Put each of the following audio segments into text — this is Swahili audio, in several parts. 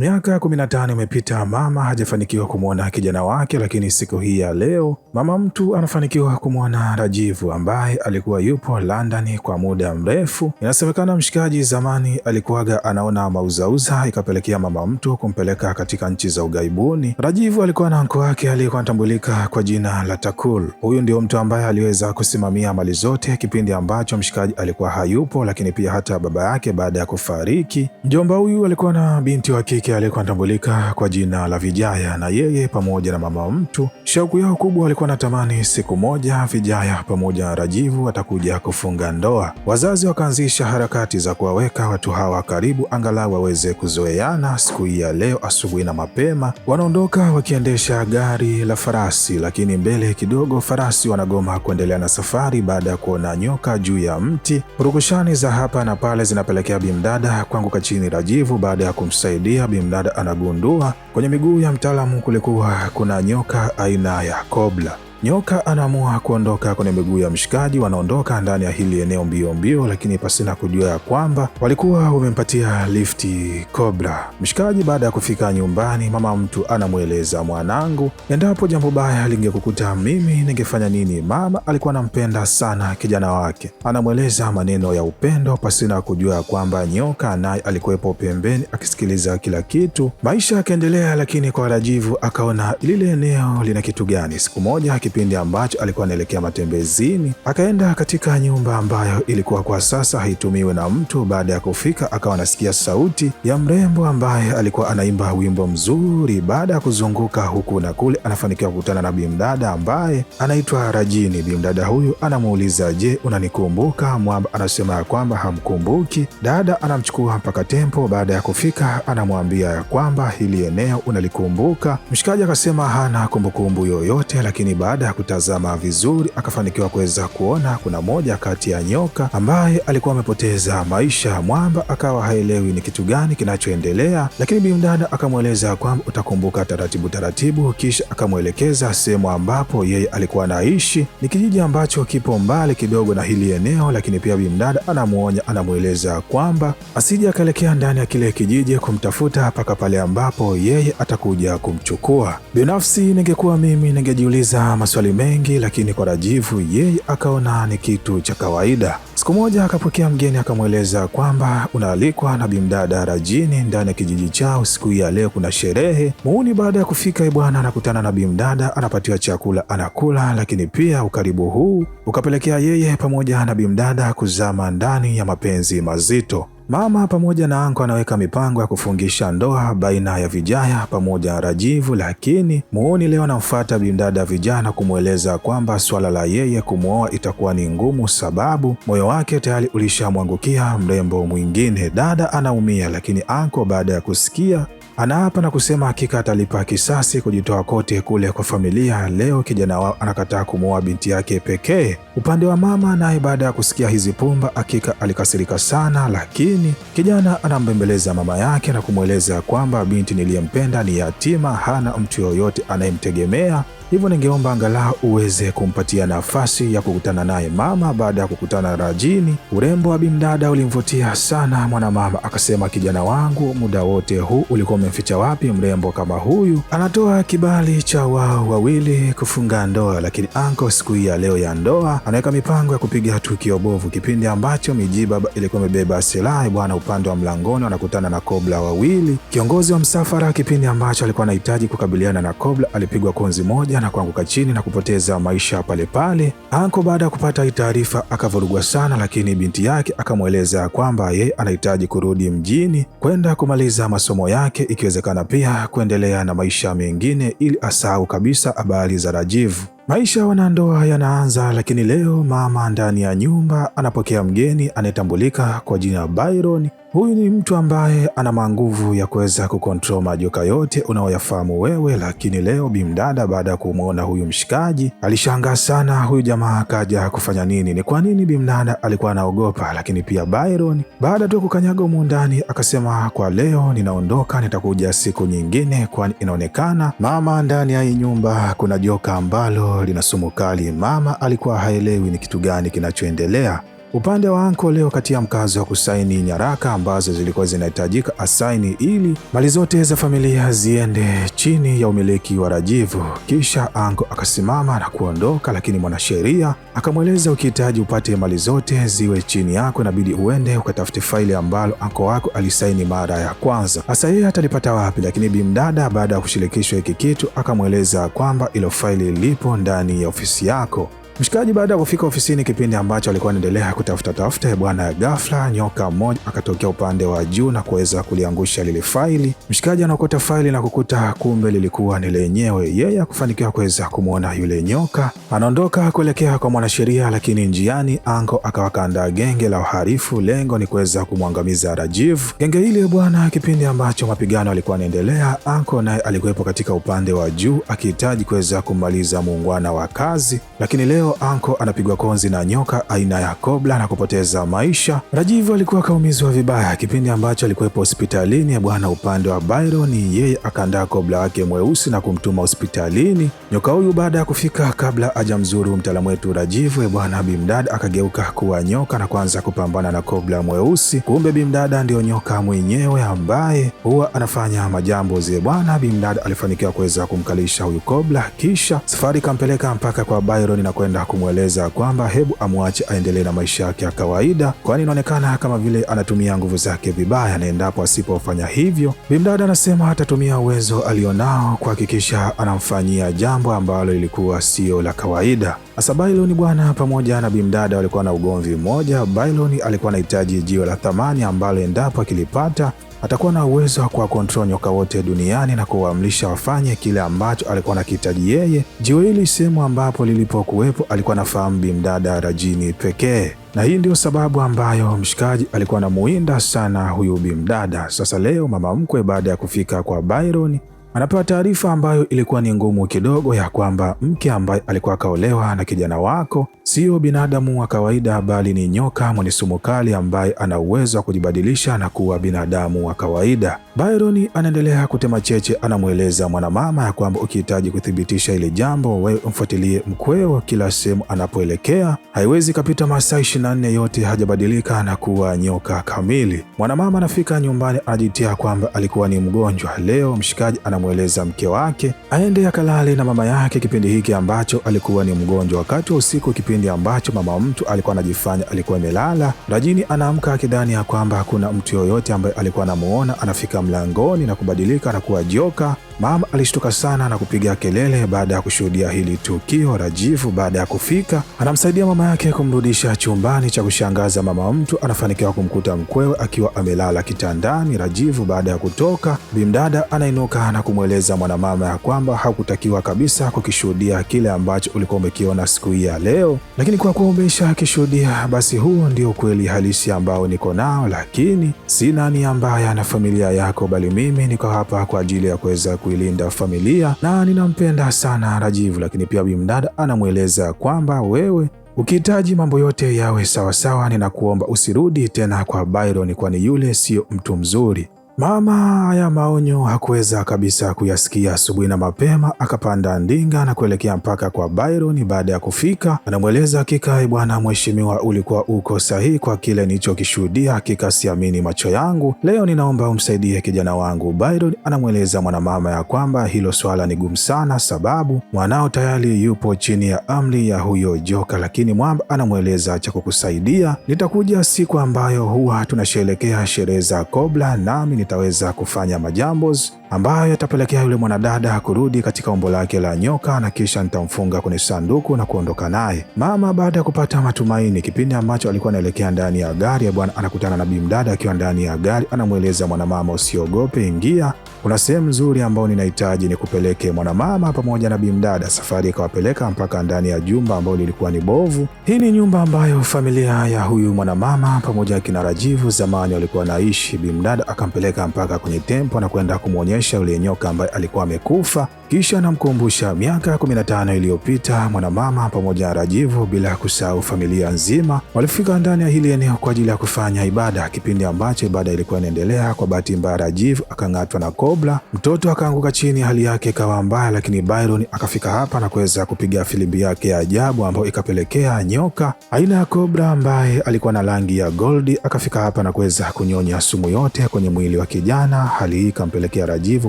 Miaka 15 imepita, mama hajafanikiwa kumwona kijana wake, lakini siku hii ya leo mama mtu anafanikiwa kumwona Rajivu ambaye alikuwa yupo London kwa muda mrefu. Inasemekana mshikaji zamani alikuwaga anaona mauzauza, ikapelekea mama mtu kumpeleka katika nchi za ugaibuni. Rajivu alikuwa na anko wake aliyekuwa anatambulika kwa jina la Takul. Huyu ndio mtu ambaye aliweza kusimamia mali zote kipindi ambacho mshikaji alikuwa hayupo, lakini pia hata baba yake baada ya kufariki. Mjomba huyu alikuwa na binti wa kike mwanamke aliyekuwa anatambulika kwa jina la Vijaya, na yeye pamoja na mama mtu, shauku yao kubwa walikuwa wanatamani siku moja Vijaya pamoja na Rajivu atakuja kufunga ndoa. Wazazi wakaanzisha harakati za kuwaweka watu hawa karibu, angalau waweze kuzoeana. Siku hii ya leo asubuhi na mapema wanaondoka wakiendesha gari la farasi, lakini mbele kidogo farasi wanagoma kuendelea na safari baada ya kuona nyoka juu ya mti. Rukushani za hapa na pale zinapelekea bimdada kuanguka chini Rajivu baada ya kumsaidia bim Mnada anagundua kwenye miguu ya mtaalamu kulikuwa kuna nyoka aina ya kobra. Nyoka anaamua kuondoka kwenye miguu ya mshikaji, wanaondoka ndani ya hili eneo mbio mbio, lakini pasina kujua ya kwamba walikuwa wamempatia lifti Kobra. Mshikaji baada ya kufika nyumbani, mama mtu anamweleza mwanangu, endapo jambo baya lingekukuta mimi ningefanya nini? Mama alikuwa anampenda sana kijana wake, anamweleza maneno ya upendo pasina kujua ya kwamba nyoka naye alikuwepo pembeni akisikiliza kila kitu. Maisha yakaendelea, lakini kwa Rajivu akaona lile eneo lina kitu gani. Siku moja kipindi ambacho alikuwa anaelekea matembezini, akaenda katika nyumba ambayo ilikuwa kwa sasa haitumiwe na mtu. Baada ya kufika, akawa anasikia sauti ya mrembo ambaye alikuwa anaimba wimbo mzuri. Baada ya kuzunguka huku na kule, anafanikiwa kukutana na bimdada ambaye anaitwa Rajini. Bimdada huyu anamuuliza, je, unanikumbuka? Mwamba anasema ya kwamba hamkumbuki. Dada anamchukua mpaka tempo. Baada ya kufika, anamwambia ya kwamba hili eneo unalikumbuka. Mshikaji akasema hana kumbukumbu yoyote, lakini baada baada ya kutazama vizuri, akafanikiwa kuweza kuona kuna moja kati ya nyoka ambaye alikuwa amepoteza maisha. Mwamba akawa haelewi ni kitu gani kinachoendelea, lakini bimdada akamweleza kwamba utakumbuka taratibu taratibu, kisha akamwelekeza sehemu ambapo yeye alikuwa anaishi. Ni kijiji ambacho kipo mbali kidogo na hili eneo, lakini pia bimdada anamwonya, anamweleza kwamba asije akaelekea ndani ya kile kijiji kumtafuta mpaka pale ambapo yeye atakuja kumchukua. Binafsi ningekuwa mimi ningejiuliza maswali mengi, lakini kwa Rajivu yeye akaona ni kitu cha kawaida. Siku moja akapokea mgeni akamweleza kwamba unaalikwa na bimdada Rajini ndani ya kijiji chao, siku ya leo kuna sherehe. Muuni baada ya kufika e bwana anakutana na bimdada, anapatiwa chakula anakula, lakini pia ukaribu huu ukapelekea yeye pamoja na bimdada kuzama ndani ya mapenzi mazito. Mama pamoja na anko anaweka mipango ya kufungisha ndoa baina ya Vijaya pamoja na Rajivu, lakini muuni leo anamfuata bimdada Vijana kumweleza kwamba swala la yeye kumwoa itakuwa ni ngumu, sababu moyo wake tayari ulishamwangukia mrembo mwingine. Dada anaumia, lakini anko baada ya kusikia Anaapa na kusema hakika atalipa kisasi kujitoa kote kule kwa familia. Leo kijana wao anakataa kumwoa binti yake pekee. Upande wa mama naye, baada ya kusikia hizi pumba, hakika alikasirika sana, lakini kijana anambembeleza mama yake na kumweleza kwamba binti niliyempenda ni yatima, hana mtu yoyote anayemtegemea Hivyo ningeomba angalau uweze kumpatia nafasi ya kukutana naye mama. Baada ya kukutana Rajini, urembo wa bimdada ulimvutia sana mwanamama, akasema, kijana wangu, muda wote huu ulikuwa umemficha wapi mrembo kama huyu? Anatoa kibali cha wao wawili kufunga ndoa, lakini anko siku hii ya leo ya ndoa anaweka mipango ya kupiga tukio bovu, kipindi ambacho Mijiba ilikuwa imebeba silaha bwana. Upande wa mlangoni anakutana na Kobla wawili, kiongozi wa msafara, kipindi ambacho alikuwa anahitaji kukabiliana na Kobla alipigwa konzi moja na kuanguka chini na kupoteza maisha pale pale. Anko baada ya kupata hii taarifa akavurugwa sana, lakini binti yake akamweleza kwamba yeye anahitaji kurudi mjini kwenda kumaliza masomo yake, ikiwezekana pia kuendelea na maisha mengine ili asahau kabisa habari za Rajivu. Maisha ya wanandoa yanaanza, lakini leo mama ndani ya nyumba anapokea mgeni anayetambulika kwa jina Byron Huyu ni mtu ambaye ana manguvu ya kuweza kukontrol majoka yote unaoyafahamu wewe, lakini leo bimdada, baada ya kumwona huyu mshikaji, alishangaa sana. Huyu jamaa akaja kufanya nini? Ni kwa nini bimdada alikuwa anaogopa? Lakini pia Byron, baada tu kukanyaga humu ndani, akasema kwa leo ninaondoka, nitakuja siku nyingine, kwani inaonekana mama, ndani ya hii nyumba kuna joka ambalo lina sumu kali. Mama alikuwa haelewi ni kitu gani kinachoendelea. Upande wa anko leo katia mkazo wa kusaini nyaraka ambazo zilikuwa zinahitajika asaini ili mali zote za familia ziende chini ya umiliki wa Rajivu. Kisha anko akasimama na kuondoka, lakini mwanasheria akamweleza, ukihitaji upate mali zote ziwe chini yako, inabidi uende ukatafute faili ambalo anko wako alisaini mara ya kwanza. Hasa yeye atalipata wapi? Lakini bimdada baada ya kushirikishwa hiki kitu akamweleza kwamba ilo faili lipo ndani ya ofisi yako. Mshikaji baada ya kufika ofisini, kipindi ambacho alikuwa anaendelea kutafuta tafuta eh, bwana, ghafla nyoka mmoja akatokea upande wa juu na kuweza kuliangusha lile faili. Mshikaji anaokota faili na kukuta kumbe lilikuwa ni lenyewe. Yeye akufanikiwa kuweza kumwona yule nyoka, anaondoka kuelekea kwa mwanasheria, lakini njiani anko akawakaandaa genge la uharifu lengo ni kuweza kumwangamiza Rajiv. Genge hili bwana, kipindi ambacho mapigano alikuwa anaendelea, anko naye alikuwepo katika upande wa juu akihitaji kuweza kumaliza muungwana wa kazi, lakini leo Anko anapigwa konzi na nyoka aina ya kobla na kupoteza maisha. Rajivu alikuwa akaumizwa vibaya kipindi ambacho alikuwepo hospitalini ya bwana upande wa Byron, yeye akaandaa kobla wake mweusi na kumtuma hospitalini. Nyoka huyu baada ya kufika, kabla ajamzuru mtaalamu wetu Rajivu, bwana Bimdad akageuka kuwa nyoka na kuanza kupambana na kobla mweusi. Kumbe Bimdada ndiyo nyoka mwenyewe ambaye huwa anafanya majambo zile. Bwana Bimdad alifanikiwa kuweza kumkalisha huyu kobla kisha safari kampeleka mpaka kwa Byron na kwenda na kumweleza kwamba hebu amwache aendelee na maisha yake ya kawaida, kwani inaonekana kama vile anatumia nguvu zake vibaya, na endapo asipofanya hivyo, Bimdada anasema atatumia uwezo alionao kuhakikisha anamfanyia jambo ambalo lilikuwa sio la kawaida. Sasa Bailoni bwana pamoja na Bimdada walikuwa na ugomvi mmoja. Bailoni alikuwa anahitaji jiwe la thamani ambalo endapo akilipata atakuwa na uwezo wa kuwakontrol nyoka wote duniani na kuwaamrisha wafanye kile ambacho alikuwa anakihitaji yeye. Jiwe hili sehemu ambapo lilipokuwepo alikuwa anafahamu Bimdada Rajini pekee, na hii ndio sababu ambayo mshikaji alikuwa anamuinda sana huyu Bimdada. Sasa leo mama mkwe baada ya kufika kwa Byron, anapewa taarifa ambayo ilikuwa ni ngumu kidogo, ya kwamba mke ambaye alikuwa akaolewa na kijana wako sio binadamu wa kawaida, bali ni nyoka mwenye sumu kali ambaye ana uwezo wa kujibadilisha na kuwa binadamu wa kawaida. Byron anaendelea kutema cheche, anamweleza mwanamama ya kwamba ukihitaji kuthibitisha ile jambo, wewe umfuatilie mkweo kila sehemu anapoelekea. Haiwezi kapita masaa 24 yote hajabadilika na kuwa nyoka kamili. Mwanamama anafika nyumbani, anajitia kwamba alikuwa ni mgonjwa. Leo mshikaji anamweleza mke wake aende akalale na mama yake kipindi hiki ambacho alikuwa ni mgonjwa, wakati wa usiku, kipindi ambacho mama mtu alikuwa anajifanya alikuwa imelala. Rajini anaamka akidhani ya kwamba hakuna mtu yoyote ambaye alikuwa anamuona, anafika mlangoni na kubadilika na kuwa joka Mama alishtuka sana na kupiga kelele baada ya kushuhudia hili tukio. Rajivu baada ya kufika, anamsaidia mama yake kumrudisha chumbani. Cha kushangaza, mama mtu anafanikiwa kumkuta mkwewe akiwa amelala kitandani. Rajivu baada ya kutoka, bimdada anainuka na kumweleza mwanamama ya kwamba hakutakiwa kabisa kukishuhudia kile ambacho ulikuwa umekiona siku hii ya leo, lakini kwa kuwa umeisha kishuhudia, basi huo ndio ukweli halisi ambao niko nao, lakini sina nia mbaya na familia yako, bali mimi niko hapa kwa ajili ya kuweza kuilinda familia na ninampenda sana Rajivu. Lakini pia Bimdada anamweleza kwamba wewe ukihitaji mambo yote yawe sawasawa, ninakuomba usirudi tena kwa Byron, kwani yule sio mtu mzuri. Mama ya maonyo hakuweza kabisa kuyasikia. Asubuhi na mapema akapanda ndinga na kuelekea mpaka kwa Byron. Baada ya kufika, anamweleza hakika, ee bwana mheshimiwa, ulikuwa uko sahihi kwa kile nilichokishuhudia, hakika siamini macho yangu. Leo ninaomba umsaidie kijana wangu. Byron anamweleza mwanamama ya kwamba hilo swala ni gumu sana, sababu mwanao tayari yupo chini ya amri ya huyo joka, lakini mwamba anamweleza cha kukusaidia, nitakuja siku ambayo huwa tunasherekea sherehe za Kobra nami ataweza kufanya majambo ambayo yatapelekea yule mwanadada kurudi katika umbo lake la nyoka, na kisha nitamfunga kwenye sanduku na kuondoka naye. Mama baada ya kupata matumaini, kipindi ambacho alikuwa anaelekea ndani ya gari ya bwana, anakutana na bimdada akiwa ndani ya gari, anamweleza mwanamama, usiogope, ingia kuna sehemu nzuri ambayo ninahitaji ni kupeleke mwanamama pamoja na bimdada. Safari ikawapeleka mpaka ndani ya jumba ambalo lilikuwa ni bovu. Hii ni nyumba ambayo familia ya huyu mwanamama pamoja na kina Rajivu zamani walikuwa naishi. Bimdada akampeleka mpaka kwenye tempo na kwenda kumwonyesha yule nyoka ambaye alikuwa amekufa kisha anamkumbusha miaka 15 iliyopita mwanamama pamoja na Rajivu, bila kusahau familia nzima, walifika ndani ya hili eneo kwa ajili ya kufanya ibada. Kipindi ambacho ibada ilikuwa inaendelea, kwa bahati mbaya Rajivu akang'atwa na kobra, mtoto akaanguka chini, hali yake ikawa mbaya, lakini Byron akafika hapa na kuweza kupiga filimbi yake ya ajabu ambayo ikapelekea nyoka aina ya kobra ambaye alikuwa na rangi ya goldi akafika hapa na kuweza kunyonya sumu yote kwenye mwili wa kijana. Hali hii ikampelekea Rajivu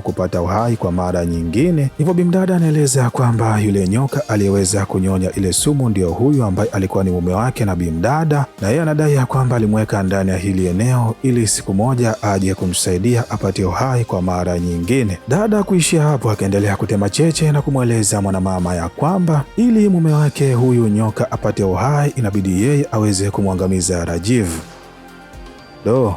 kupata uhai kwa mara nyingine, Hivyo bimdada anaeleza kwamba yule nyoka aliyeweza kunyonya ile sumu ndiyo huyu ambaye alikuwa ni mume wake na bimdada, na yeye anadai ya kwamba alimweka ndani ya hili eneo ili siku moja aje kumsaidia apate uhai kwa mara nyingine. Dada kuishia hapo akaendelea kutema cheche na kumweleza mwanamama ya kwamba ili mume wake huyu nyoka apate uhai inabidi yeye aweze kumwangamiza Rajiv. Do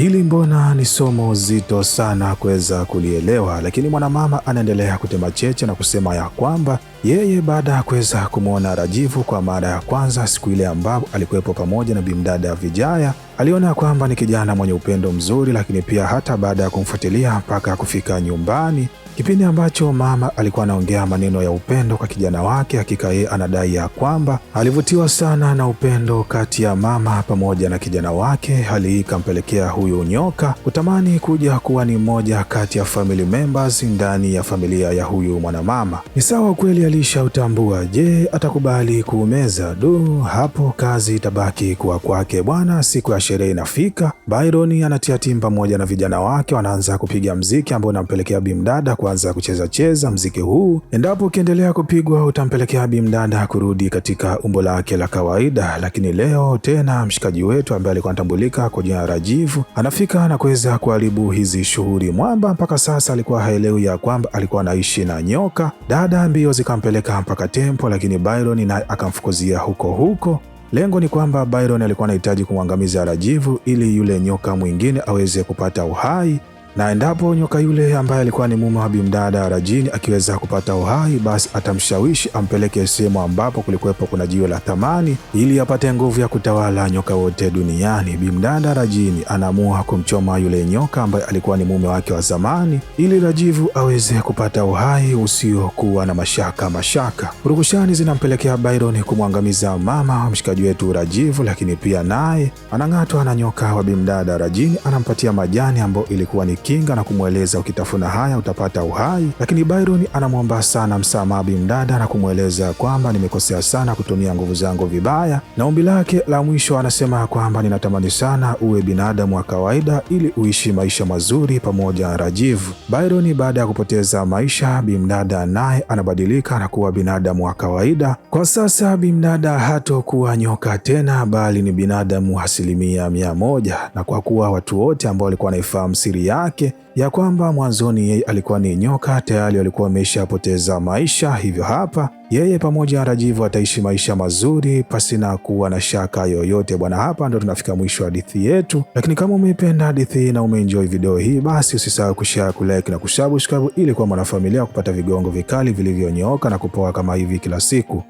Hili mbona ni somo zito sana kuweza kulielewa, lakini mwanamama anaendelea kutema cheche na kusema ya kwamba yeye baada ya kuweza kumwona Rajivu kwa mara ya kwanza siku ile ambapo alikuwepo pamoja na bimdada Vijaya, aliona kwamba ni kijana mwenye upendo mzuri, lakini pia hata baada ya kumfuatilia mpaka kufika nyumbani, kipindi ambacho mama alikuwa anaongea maneno ya upendo kwa kijana wake, hakika yeye anadai ya kwamba alivutiwa sana na upendo kati ya mama pamoja na kijana wake. Hali hii ikampelekea huyu nyoka kutamani kuja kuwa ni mmoja kati ya family members ndani ya familia ya huyu mwanamama. Ni sawa kweli haijalisha utambua, je, atakubali kuumeza? Du, hapo kazi itabaki kuwa kwake bwana. Siku ya sherehe inafika, Byron anatia timu pamoja na vijana wake, wanaanza kupiga mziki ambao unampelekea bimdada kuanza kucheza cheza mziki huu. Endapo ukiendelea kupigwa, utampelekea bimdada kurudi katika umbo lake la kawaida. Lakini leo tena mshikaji wetu ambaye alikuwa anatambulika kwa jina Rajivu anafika na kuweza kuharibu hizi shughuli. Mwamba mpaka sasa alikuwa haelewi ya kwamba alikuwa anaishi na nyoka. Dada mbio zika akampeleka mpaka tempo, lakini Byron na akamfukuzia huko huko. Lengo ni kwamba Byron alikuwa anahitaji kumwangamiza Rajivu ili yule nyoka mwingine aweze kupata uhai na endapo nyoka yule ambaye alikuwa ni mume wa bimdada Rajini akiweza kupata uhai, basi atamshawishi ampeleke sehemu ambapo kulikuwepo kuna jiwe la thamani ili apate nguvu ya kutawala nyoka wote duniani. Bimdada Rajini anaamua kumchoma yule nyoka ambaye alikuwa ni mume wake wa zamani ili Rajivu aweze kupata uhai usiokuwa na mashaka mashaka. Purukushani zinampelekea Byron kumwangamiza mama wa mshikaji wetu Rajivu, lakini pia naye anang'atwa na nyoka wa bimdada Rajini, anampatia majani ambayo ilikuwa ni kumkinga na kumweleza ukitafuna haya utapata uhai, lakini Byron anamwomba sana msamaha Bimdada na kumweleza kwamba nimekosea sana kutumia nguvu zangu vibaya, na ombi lake la mwisho anasema kwamba ninatamani sana uwe binadamu wa kawaida ili uishi maisha mazuri pamoja na Rajiv. Byron baada ya kupoteza maisha, Bimdada naye anabadilika na kuwa binadamu wa kawaida. Kwa sasa Bimdada hatokuwa nyoka tena, bali ni binadamu asilimia mia moja, na kwa kuwa watu wote ambao walikuwa wanaifahamu siri yake wake ya kwamba mwanzoni yeye alikuwa ni nyoka, tayari walikuwa wameshapoteza maisha, hivyo hapa yeye pamoja na Rajivu ataishi maisha mazuri pasina kuwa na shaka yoyote. Bwana, hapa ndo tunafika mwisho hadithi yetu, lakini kama umeipenda hadithi hii na umeenjoy video hii, basi usisahau kushare, kulike na kusubscribe ili kuwa mwanafamilia kupata vigongo vikali vilivyonyooka na kupoa kama hivi kila siku.